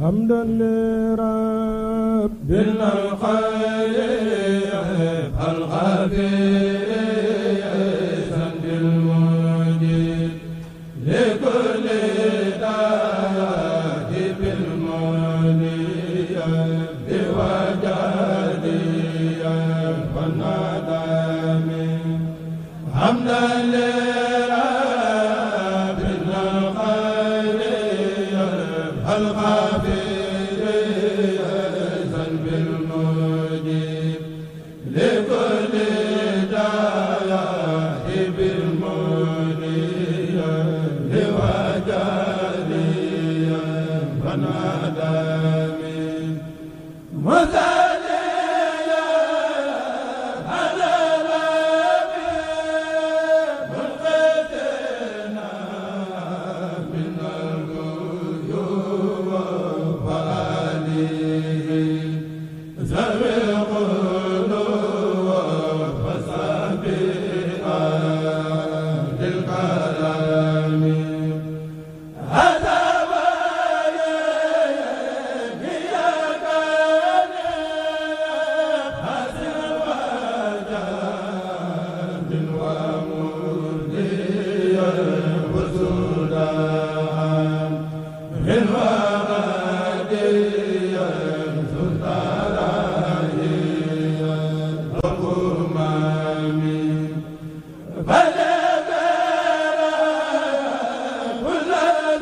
حمدا لرب الخير الغفير لكل داهب المنير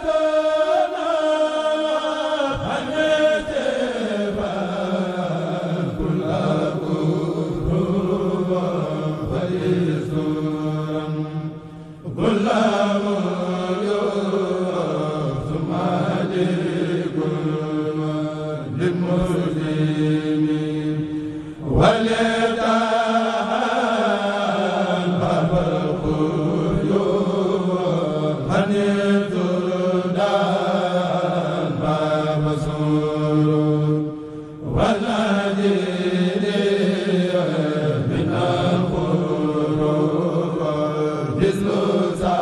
la sa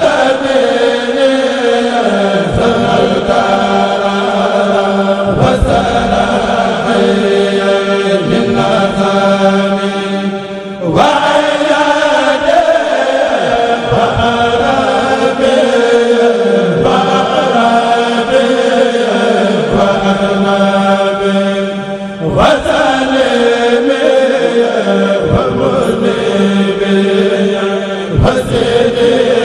Amen.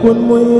يكن من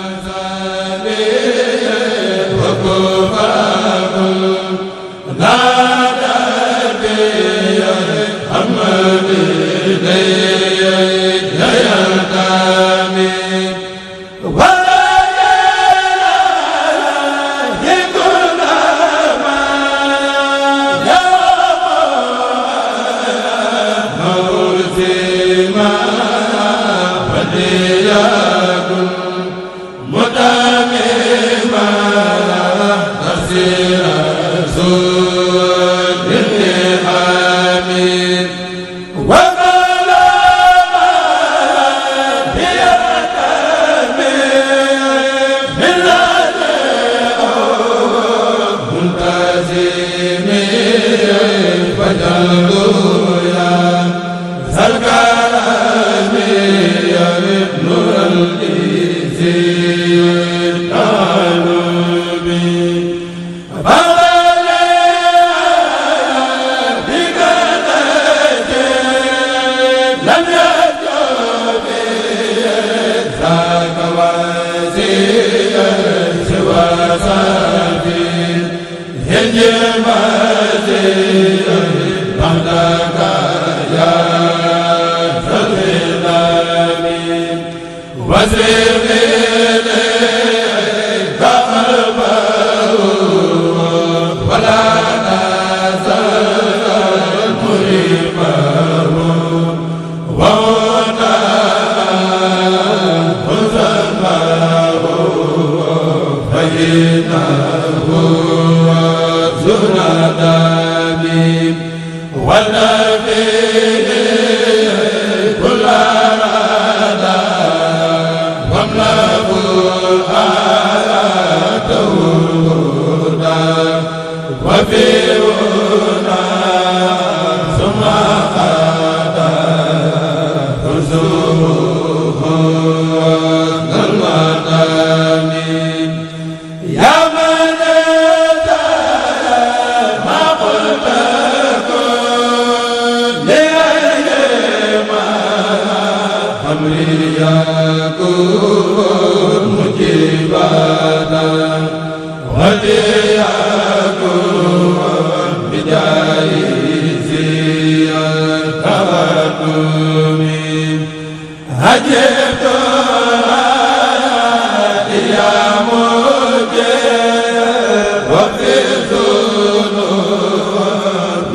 لا هو